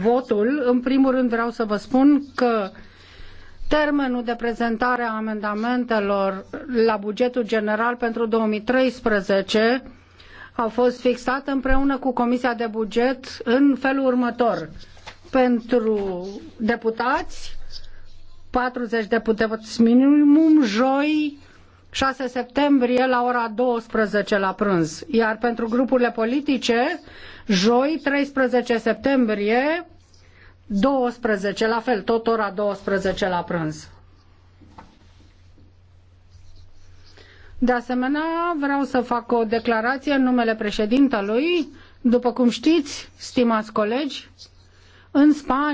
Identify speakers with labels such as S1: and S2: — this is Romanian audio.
S1: votul. În primul rând vreau să vă spun că termenul de prezentare a amendamentelor la bugetul general pentru 2013 a fost fixat împreună cu Comisia de Buget în felul următor. Pentru deputați, 40 de deputați minimum, joi 6 septembrie la ora 12 la prânz, iar pentru grupurile politice, joi 13 septembrie 12, la fel, tot ora 12 la prânz. De asemenea, vreau să fac o declarație în numele președintelui. După cum știți, stimați
S2: colegi, în Spania,